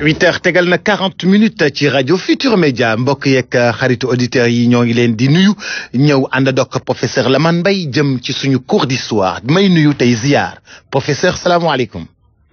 huit heures tegal na quarante minutes ci rajo Futur Média mbokk yeeg xaritu auditeurs yi ñoo ngi leen di nuyu ñëw ànd ak professeur man mbay jëm ci suñu cours d'histoire may nuyu tey ziar professeur salaamaaleykum.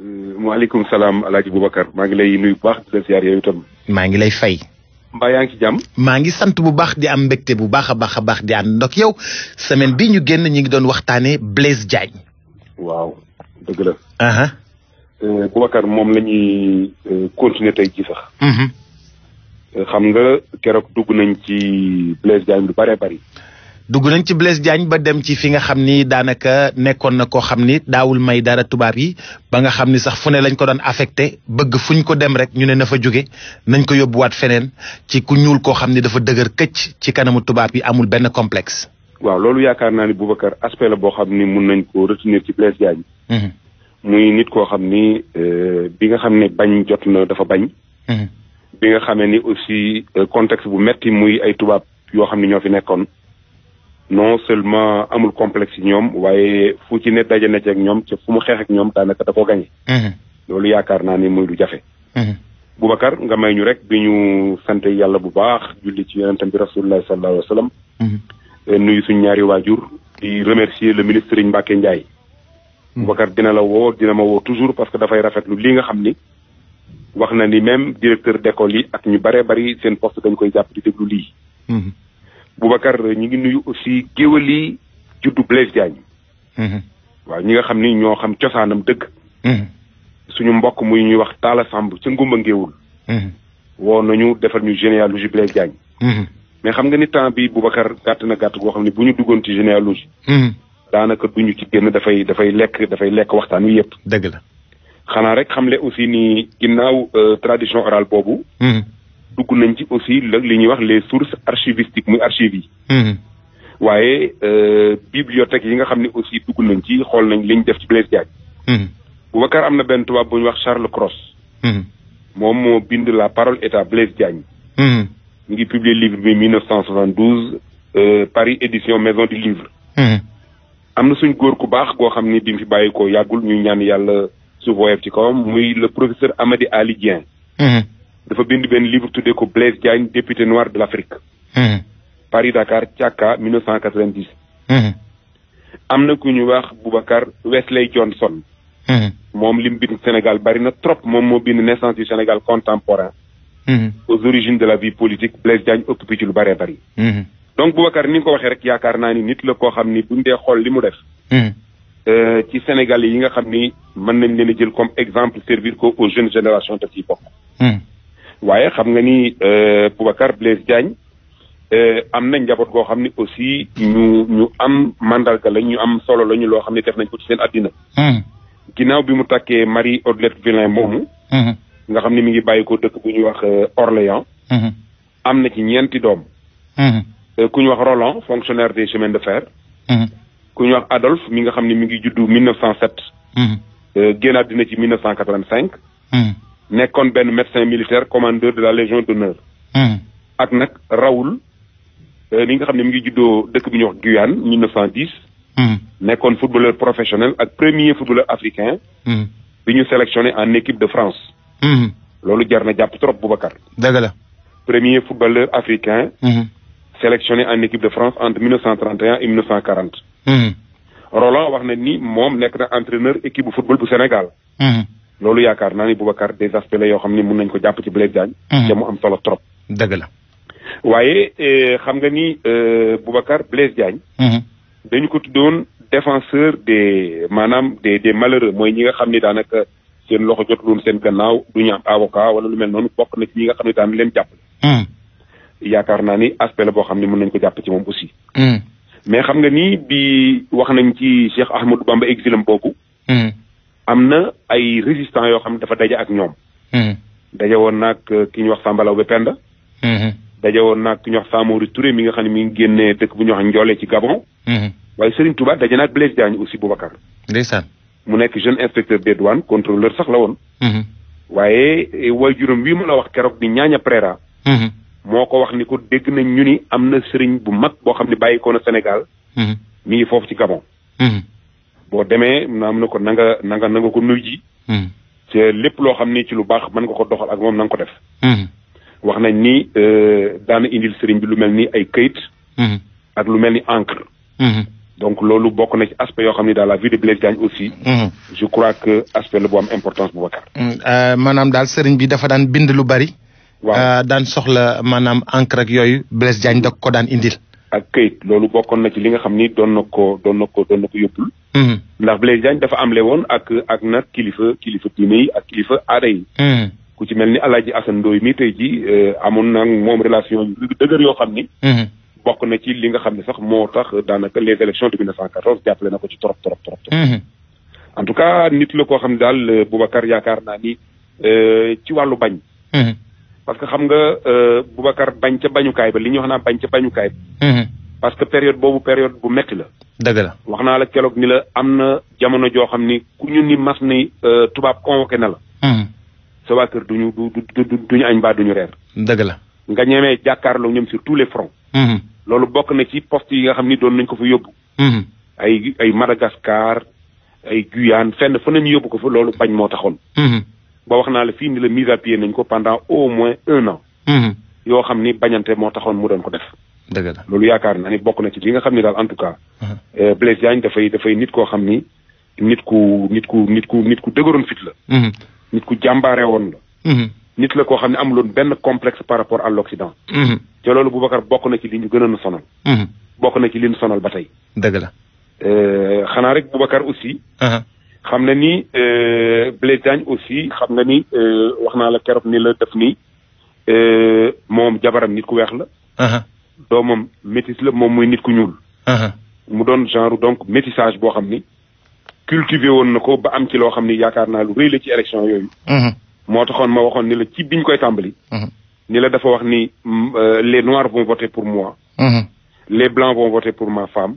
Euh, maaleykum salaam El Hadj Boubacar maa ngi lay nuyu bu maa ngi lay fay. mbaa jam maa ngi sant bu baax di am mbégte bu baax a baax a baax di ànd ak yow semaine bi ñu génn ñu ngi doon waxtaanee Blaise Diagne. waaw Euh, Boubacar moom la ñuy euh, continuer tey ji sax. Mhm. Euh, xam nga keroog dugg nañ ci Blaise Diagne lu dugg nañ ci Blaise Diagne ba dem ci fi nga xam ni daanaka nekkoon na koo xam ni daawul may dara tubaab yi ba nga xam ni sax fu ne lañ ko daan affecté bëgg fuñ ko dem rek ñu ne na fa jóge nañ ko yóbbuwaat feneen ci ku ñuul koo xam ni dafa dëgër këcc ci kanamu tubaab yi amul benn complexe. waaw loolu yaakaar naa ni Boubacar aspect la boo xam ni mun nañ ko retenir ci Blaise Diagne. Mhm. muy nit koo xam ni euh, bi nga xam ne bañ jot na dafa bañ. Mhm. bi nga xam ne ni aussi euh, contexte bu metti muy ay tubaab yoo xam ne ñoo fi nekkoon non seulement amul complexe ñoom waaye fu ci ne daje na ci ak ñoom ca fu mu xeex ak ñoom daanaka da koo gañe. Mhm. loolu yaakaar naa ni muy du jafe. Mhm. Boubacar nga may ñu rek di ñu sant yàlla bu baax julli ci yonentam bi rasulullah sallallahu alayhi wa euh, nuyu suñu ñaari waajur remercier le ministre Mbacké Ndiaye. Boubacar dina la woo dina ma woo toujours parce que dafay rafetlu li nga xam ni wax na ni même directeur d'école yi ak ñu bare bari seen poste dañ koy jàpp di déglu lii. Mhm. Boubacar ñu ngi nuyu aussi géwél yi juddu Blaise Diagne. Mhm. waaw ñi nga xam ni ñoo xam cosaanam dëgg. Mhm. suñu mbokk muy ñuy wax Talla Samb ca Ngumba Ngéwul. woo nañu defal ñu généalogie Blaise Diagne. mais xam nga ni temps bi Boubacar gàtt na gàtt goo xam ne bu ñu duggoon ci généalogie. daanaka duñu ci génn dafay dafay lekk dafay lekk waxtaan wi yëpp. dëgg la xanaa rek xam le aussi ni ginnaaw euh, tradition orale boobu. Hmm. dugg nañ ci aussi li ñuy wax les sources archivistiques muy archives yi. Hmm. waaye euh, bibliothèque yi nga xam ne aussi dugg nañ ci xool nañ lañ def ci Blaise Diagne. Hmm. Boubacar am na benn tubaab bu ñuy wax Charles Cross. moom moo bind la parole est à Blaise Diagne. mu ngi publier livre bi 1972 euh, Paris édition maison du livre. am na suñ góor ku baax goo xam ni bi mu fi bàyyi ko yàggul ñuy ñaan yàlla suuf woyof ci kawam muy le professeur Amady Ali Dieng. Mm-hmm. dafa bind benn livre tuddee ko Blaise Diagne député noir de l' Afrique. Mm-hmm. Paris Dakar Thiaka 1990. Mm-hmm. am na ku ñu wax Boubacar Wesley Johnson. moom li mu bind Sénégal bari na trop moom moo bind naissance du Sénégal contemporain. aux origines de la vie politique Blaise Diagne occupé ci lu bëree bari. donc Boubacar ni ko waxee rek yaakaar naa ni nit la koo xam ni buñ dee xool li mu def. Hmm. Euh, ci Sénégal yi nga xam ni mën nañ leen jël comme exemple servir ko aux jeunes générations te ciy bokk. waaye xam nga ni euh, Boubacar Blaise Diagne euh, am nañ njaboot goo xam ni aussi ñu ñu am mandarga la ñu am solo lañu loo xam ne def nañ ko ci seen àddina. Hmm. ginnaaw bi mu takkee Marie Odette Villain moomu. Hmm. nga xam ni mi ngi bàyyi ko dëkk bu ñuy wax Orléans. am na ci ñeenti doom. Euh, ku ñu wax Roland fonctionnaire des chemins de fer. Mhm. ku ñu wax Adolphe mi nga xam ne mi ngi juddu 1907. génnaat dina ci cinq mhm. nekkoon benn médecin militaire commandeur de la légion d'honneur mhm. ak nag Raoul euh, mi nga xam ne mi ngi juddoo dëkk bi ñuy wax Guyane 1910. nekkoon footballeur professionnel ak premier footballeur africain. bi ñu sélectionné en équipe de France. loolu jar na jàpp trop Boubacar. dëgg la premier sélectionné en équipe de France entre 1931 et 1940. Hmm. Roland wax na ni moom nekk na entraîneur équipe bu football bu Sénégal. Hmm. loolu yaakaar naa ni Boubacar des aspects la yoo xam ne mun nañ ko jàpp ci Blaise Diagne. Hmm. te mu am solo trop. dëgg la. waaye eh, xam nga ni eh, Boubacar Blaise Diagne. dañ ko tuddoon défenseur des maanaam des des malheureux mooy ñi nga xam ne daanaka seen loxo jotuloon seen gannaaw du ñu am avocat wala lu mel noonu bokk na ci ñi nga xam ni daan leen jàppale. yaakaar naa ni aspect la boo xam ne mën nañu ko jàpp ci moom aussi. Hmm. mais xam nga ni wax nañ ci Cheikh Ahmadou Bamba exilam boobu. Hmm. am na ay résistants yoo xam dafa daje ak ñoom. Hmm. daje woon naag euh, ki ñuy wax Sambalaw ba Penda. daje woon naag ki ñuy wax Samori Touré mi nga xam ne mi ngi génnee dëkk bu ñuy wax Ndiolé ci Gabon. waaye Serigne Touba daje naag Blaise Diagne aussi Boubacar. ndeysaan mu nekk jeune inspecteur des douanes contrôleur sax la woon. waaye euh, waajuram wii ma la wax keroog di ñaaña Préra. moo ko wax ni ko dégg nañ ñu ni am na sëriñ bu mag boo xam ne bàyyi ko na Sénégal. Mhm. mi ngi foofu ci Gabon. Mhm. boo demee am na ko na nga na nga ko nuy ji. Mhm. lépp loo xam ni ci lu baax mën nga ko doxal ak moom na ko def. wax nañ ni euh, daana indil sëriñ bi lu mel ni ay kayit ak lu mel ni encre. donc loolu bokk na ci aspect yoo xam ne daal la vie de Blaise Diagne aussi. je crois que aspect la bu am importance bu Boubacar. Euh, maanaam daal sëriñ bi dafa daan bind lu bari. Euh, daan soxla maanaam encre ak yooyu Blaise Diagne da ko daan indil. ak kayit loolu bokkoon na ci li nga xam ni doon na ko doon na ko doon na ko mm-hmm. ndax Blaise Diagne dafa amle woon ak ak na kilifa kilifa diine yi ak kilifa aada yi. Mm-hmm. ku ci mel ni Alaaji Asan Ndooy mi tey ji euh, amoon na moom relation yu yoo xam ni. Mm-hmm. bokk na ci li nga xam ne sax moo tax daanaka les élections de 1914 jàppale na ko ci trop trop trop. en tout cas nit la koo xam ne daal euh, Boubacar yaakaar naa ni ci wàllu bañ. parce que xam nga euh, Boubacar bañ ca bañukaay ba li ñuy wax naa bañ ca bañukaay ba. Mm-hmm. parce que période boobu période bu metti la. dëgg la wax naa la keroog ni la am na jamono joo xam ni ku ñu ni mas ni euh, tubaab convoqué na la. sa waa kër du ñu du du añ ba du ñu reer. dëgg la nga ñemee jàkkaarloo ñoom sur tous les fronts. Mm-hmm. loolu bokk na ci poste yi nga xam ni doon nañ ko fa yóbbu. Mm-hmm. ay ay Madagascar ay Guyane fenn fa nañu yóbbu ko fa loolu bañ moo taxoon. ba wax naa la fii ni la mise à pied nañ ko pendant au moins un an. Mm-hmm. yoo xam ni bañante moo taxoon mu doon ko def. dëgg la loolu yaakaar naa ni bokk na ci li nga xam ne daal en tout cas. Mm-hmm. Euh, Blaise Diagne dafay dafay nit koo xam ni nit ku nit ku nit ku nit ku dëgëroon fit la. Mm-hmm. nit ku jambaare woon la. nit la koo xam ne amuloon benn complexe par rapport à l'Occident. te loolu Boubacar bokk na ci li ñu gënoon a sonal. bokk na ci li ñu sonal ba tey. dëgg la. Euh, xanaa rek Boubacar aussi. Uh-huh. xam na ni euh, Blaise Diagne aussi xam na ni euh, wax naa la keroog ni la def ni euh, moom jabaram nit ku weex la. Uh-huh. doomam métis la moom muy nit ku ñuul. Uh-huh. mu doon genre donc métissage boo xam ni cultivé woon na ko ba am ci loo xam ni yaakaar naa lu rëy ci élection yooyu. Uh-huh. moo taxoon ma waxoon ni la ci biñ koy tàmbali. ni la dafa wax ni les noirs vont voter pour moi. les blancs vont voter pour ma femme.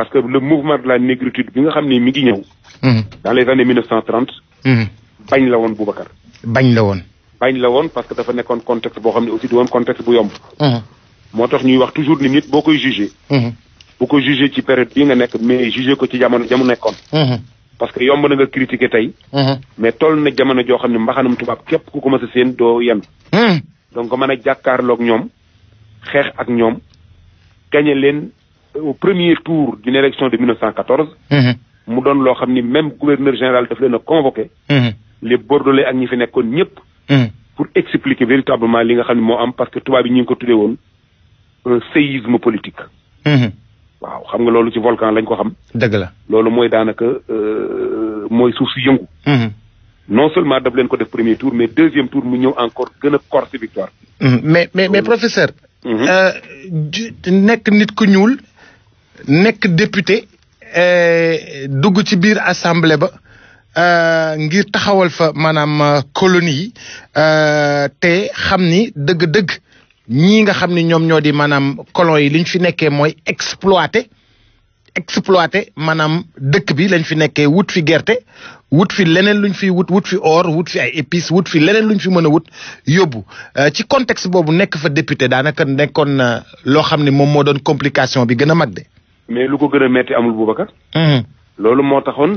parce que le mouvement la négritude bi nga xam ne mi ngi ñëw. Hmm. dans les années 1930. Hmm. bañ la woon Boubacar. bañ la woon. bañ la woon parce que dafa nekkoon contexte boo xam ne aussi di woon contexte bu yomb. Hmm. moo tax ñuy wax toujours nit boo koy jugé. ci période bii nga nekk mais jugé ko ci jamono jamu nekkoon. parce que yomb na nga critiqué tey. mais toll na jamono joo xam ne tubaab képp ku ko mës a séen doo yenn. donc mën a jàkkaarloog Euh, au premier tour d'une élection de 1914. Mhm. mu doon loo xam ni même gouverneur général daf leen a convoqué. Mhm. les bordelais ak ñi fi nekkoon ñëpp. Mhm. pour expliquer véritablement li nga xam ne moo am parce que tubaab yi ñu ngi ko tuddee woon un séisme politique. waaw xam nga loolu ci volcan lañ ko xam. dëgg la loolu mooy daanaka euh, mooy suuf si yëngu. non seulement daf leen ko def premier tour mais deuxième tour mu ñëw encore gën a corse victoire. mais mais p professeur. Euh, nekk nit ku ñuul. nekk député eh, dugg ci biir assemblée ba eh, ngir taxawal fa maanaam eh, colonie yi te xam ni dëgg-dëgg ñii nga xam ni ñoom ñoo di maanaam colon yi li ñu fi nekkee mooy exploité exploité maanaam dëkk bi lañ fi nekkee wut fi gerte wut fi leneen luñ fi wut wut fi or wut fi ay épices wut fi leneen luñ fi mën a wut yóbbu ci contexte boobu nekk fa député daanaka nekkoon loo xam ne moom moo doon complication bi gën a mag de mais lu ko gën a metti amul Boubacar. Mhm. loolu moo taxoon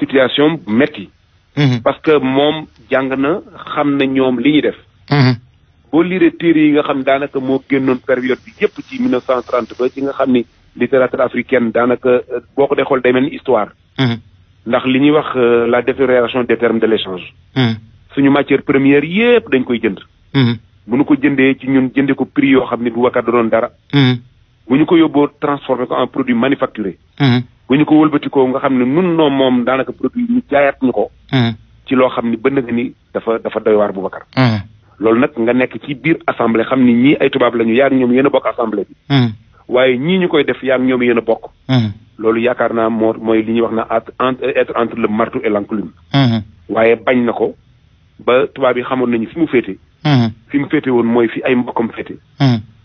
situation metti mhm. parce que moom jàng na xam na ñoom li ñuy def. Mhm. boo liiree téere yi nga xam daanaka moo génnoon période bi yépp ci 1930 ba ci nga xam ni littérature africaine daanaka euh, boo ko dee xool day mel ni histoire. ndax li ñuy wax euh, la détérioration des termes de l'échange. suñu matière première yépp dañ koy jënd. bu nu ko jëndee ci ñun jëndee ko prix yoo xam ni du wakkat da doon dara. bu ñu ko yóbboo transformé ko en produit manufacturé. Mm-hmm. bu ñu ko wëlbati ko nga xam ne nun noo moom daanaka produit jaayaat ñu ko. Mm-hmm. ci loo xam ni ba nga ni dafa dafa bu waar Boubacar. Mm-hmm. loolu nag nga nekk ci biir assemblée xam ni ñii ay tubaab lañu yaa ngi ñoom yéen bokk assemblée bi. waaye ñii ñu koy def yaa ngi ñoom yéen bokk. loolu yaakaar naa moo mooy li ñuy wax na être entre le marteau et l'enclume. waaye bañ na ko ba tubaab yi xamoon nañu fi mu féete. fi mu féete woon mooy fi ay mbokkam féete.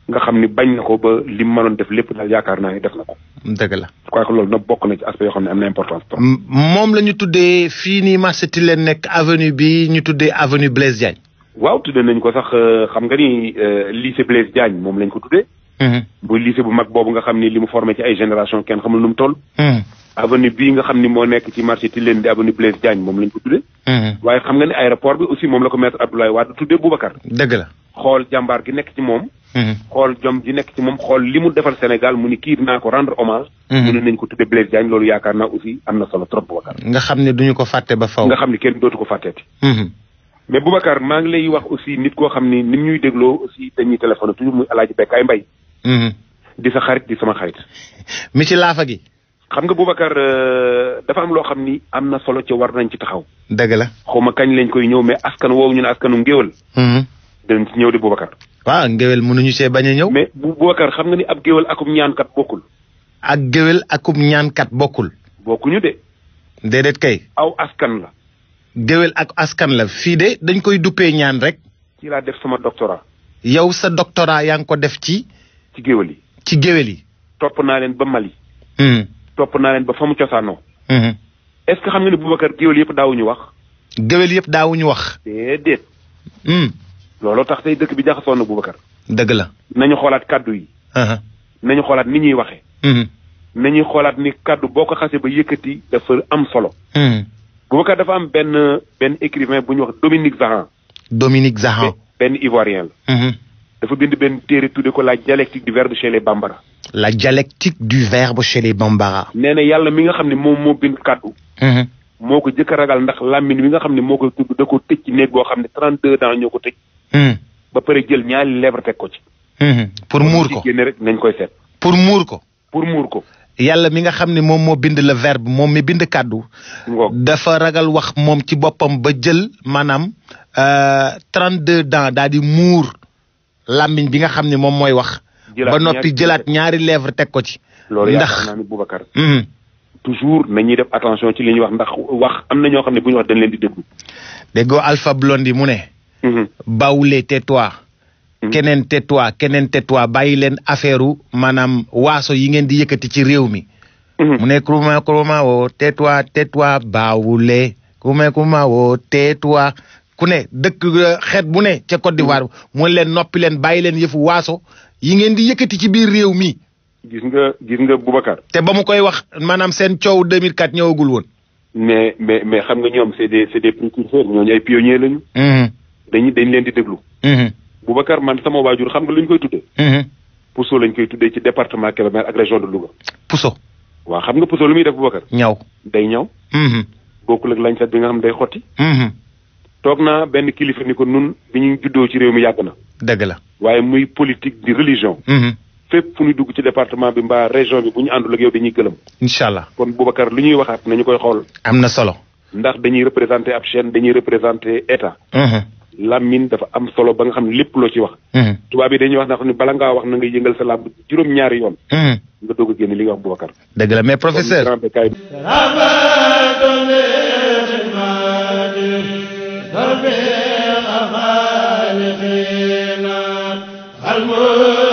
nga xam ni bañ na ko ba li mu mënoon def lépp daal yaakaar naa ne def na ko. dëgg la. quoi que loolu nag bokk na ci aspect yoo xam ne am na importance. moom la ñu tuddee fii nii marché ti leen nekk avenue bi ñu tuddee avenue Blaise Diagne. waaw tuddee nañ ko sax euh, xam nga ni euh, lycée Blaise Diagne moom lañ ko tuddee. bu mm-hmm. bu mag boobu nga xam ni li mu formé ci ay génération kenn xamul nu mu toll. Mm-hmm. avenue bii nga xam ni moo nekk ci marché leen di avenue Blaise Diagne moom lañ ko tuddee. Mm-hmm. waaye xam nga ni aéroport bi aussi moom la ko maître Abdoulaye Wade tuddee Boubacar. dëgg la xool jàmbaar gi nekk ci moom. Mhm. xool jom ji nekk ci moom xool li mu defal Sénégal mu ni kii naa ko rendre hommage. Mhm. mu ne nañ ko tudde Blaise Diagne loolu yaakaar naa aussi am na solo trop Boubacar. nga xam ne duñu ko fàtte ba faw. nga xam ne kenn dootu ko fàtteeti. Mhm. mais Boubacar maa ngi lay wax aussi nit koo xam ni ni ñuy dégloo aussi dañuy téléphoné toujours muy alaaji Bekkaay Mbay di sa xarit di sama xarit. mi ci laafa gi. xam nga Boubacar euh, dafa am loo xam ni am na solo ci war nañ ci taxaw. dëgg la xaw ma kañ lañ koy ñëw mais askan woowu ñu ne askanu ngéwal. dinañ ci ñëw di Boubacar. waaw ngéwél mënuñu see bañ a ñëw. mais bu xam nga ni ab géwél akum ñaankat bokkul. ak géwél akum ñaankat bokkul. bokkuñu de. déedéet kay. aw askan la. géwél ak askan la fii de dañ koy duppee ñaan rek. ci laa def sama doctorat. yow sa doctorat yaa ngi ko def ci. ci géwél yi. ci géwél yi. topp naa leen ba Mali. Hmm. topp naa leen ba fa mu cosaanoo. Hmm. est-ce que xam nga ni Boubacar géwél yëpp daawuñu wax. géwél yëpp daawuñu wax. déedéet. Hmm. looloo tax tey dëkk bi jaxasoon na Boubacar. dëgg la nañu xoolaat kàddu yi. Uh-huh. nañu xoolaat ni ñuy waxee. Mm-hmm. nañuy xoolaat ni kàddu boo ko xasee ba yëkkati dafa am solo. Mm-hmm. Boubacar dafa am benn benn écrivain bu ñuy wax Dominique Zahan. Dominique Zahan benn ivoirien la. Mm-hmm. dafa bind benn téere tudde ko la dialectique du verbe chez les bambara. la dialectique du verbe chez les bambara. nee na yàlla mi nga xam ne moom moo bind kàddu. moo ko jëkk ragal ndax làmmiñ mi nga xam ne moo koy ko tëj ci néeg boo xam ne 32 ans ñoo ko tëj. Hmm. ba pare jël ñaari lèvre teg ko ci. Hmm. pour muur ko génne rek nañ koy pour muur ko. pour muur ko. yàlla mi nga xam ni moom moo bind le verbe moom mi bind kàddu. dafa ragal wax moom ci boppam ba jël maanaam euh, trente deux dents daal di muur làmmiñ bi nga xam ni moom mooy wax. ba noppi jëlaat ñaari lèvre teg ko ci. loolu yaakaar naa ni Boubacar. Hmm. toujours nañuy def attention ci li ñuy wax ndax wax am na ñoo xam ne bu ñu wax dañ leen di déglu. déggoo Alpha Blondy mu ne. Mhm. bawule te toi mhm. keneen te toi keneen te bàyyi leen affaire u maanaam waaso yi ngeen di yëkkati ci réew mi mhm. mu ne kuruma kuruma woo te toi te toi bawule kuruma kuruma woo te ku ne dëkk euh, xeet bu ne ca Côte d'Ivoire mu leen noppi leen bàyyi leen yëfu waaso yi ngeen di yëkkati ci biir réew mi gis nga gis nga Boubacar te ba mu koy wax maanaam seen coow 2004 ñëwagul woon mais xam nga ñoom c'est des c'est des précurseurs ñooñu ay lañu dañuy dañ leen di déglu. Mm-hmm. Boubacar man sama waajur xam nga lu ñu koy tuddee. Mm-hmm. Pousso lañ koy tuddee ci département Kébémer ak région de Louga. Pousso. waaw xam nga Pousso lu muy def Boubacar. ñaw day ñaw. Mm-hmm. bokkul ak lañset bi nga xam day xotti. toog naa benn kilifa ni ko nun bi ñu juddoo ci réew mi yàgg na. dëgg la waaye muy politique di religion. fépp fu ñu dugg ci département bi mbaa région bi bu ñu àndul ak bi dañuy gëlëm. incha allah kon Boubacar lu ñuy waxaat nañu koy xool. am na solo. ndax dañuy représenté ab dañuy représenté état. làmmiñ dafa am solo ba nga xam lépp loo ci wax. Hmm. tubaab yi dañuy wax na xam ne bala ngaa wax na nga yëngal sa làmb juróom-ñaari yoon. Hmm. nga doog a génn li nga wax Boubacar. dëgg la mais professeur kon